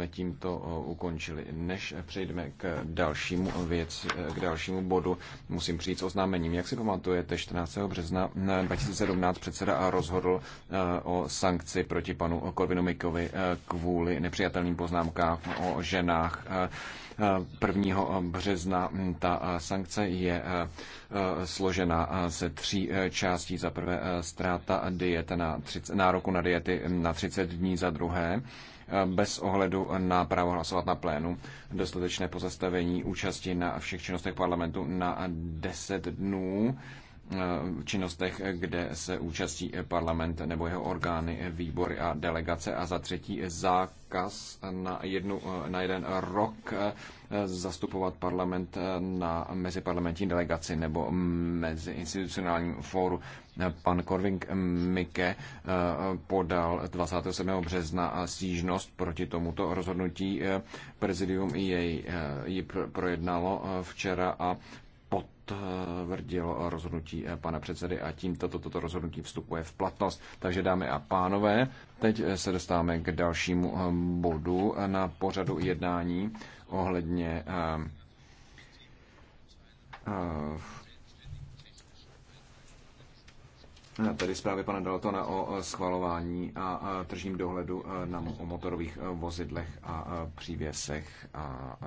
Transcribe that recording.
jsme tímto eh, ukončili. Než eh, přejdeme k dalšímu věci, eh, k dalšímu bodu, musím přijít s oznámením. Jak si pamatujete, 14. března 2017 předseda rozhodl o sankci proti panu Korvinu Mikovi kvůli nepřijatelným poznámkám o ženách. 1. března. Ta sankce je složena ze tří částí. Za prvé ztráta diet na 30, nároku na diety na 30 dní, za druhé bez ohledu na právo hlasovat na plénu dostatečné pozastavení účasti na všech činnostech parlamentu na 10 dnů. Eh, činnostech, kde se účastí parlament nebo jeho orgány, výbory a delegace. A za třetí zákaz na, jednu, eh, na jeden rok eh, zastupovat parlament na meziparlamentní delegaci nebo meziinstitucionálním fóru. Pan Korving Mike podal 27. března stížnost proti tomuto rozhodnutí. Prezidium jej ji projednalo včera a potvrdilo rozhodnutí eh, pana předsedy a tímto toto, toto rozhodnutí vstupuje v platnost. Takže dámy a pánové, teď eh, se dostáváme k dalšímu eh, bodu na pořadu jednání ohledně tedy zprávy pana Daltona o schvalování a tržním dohledu na motorových vozidlech a přívěsech a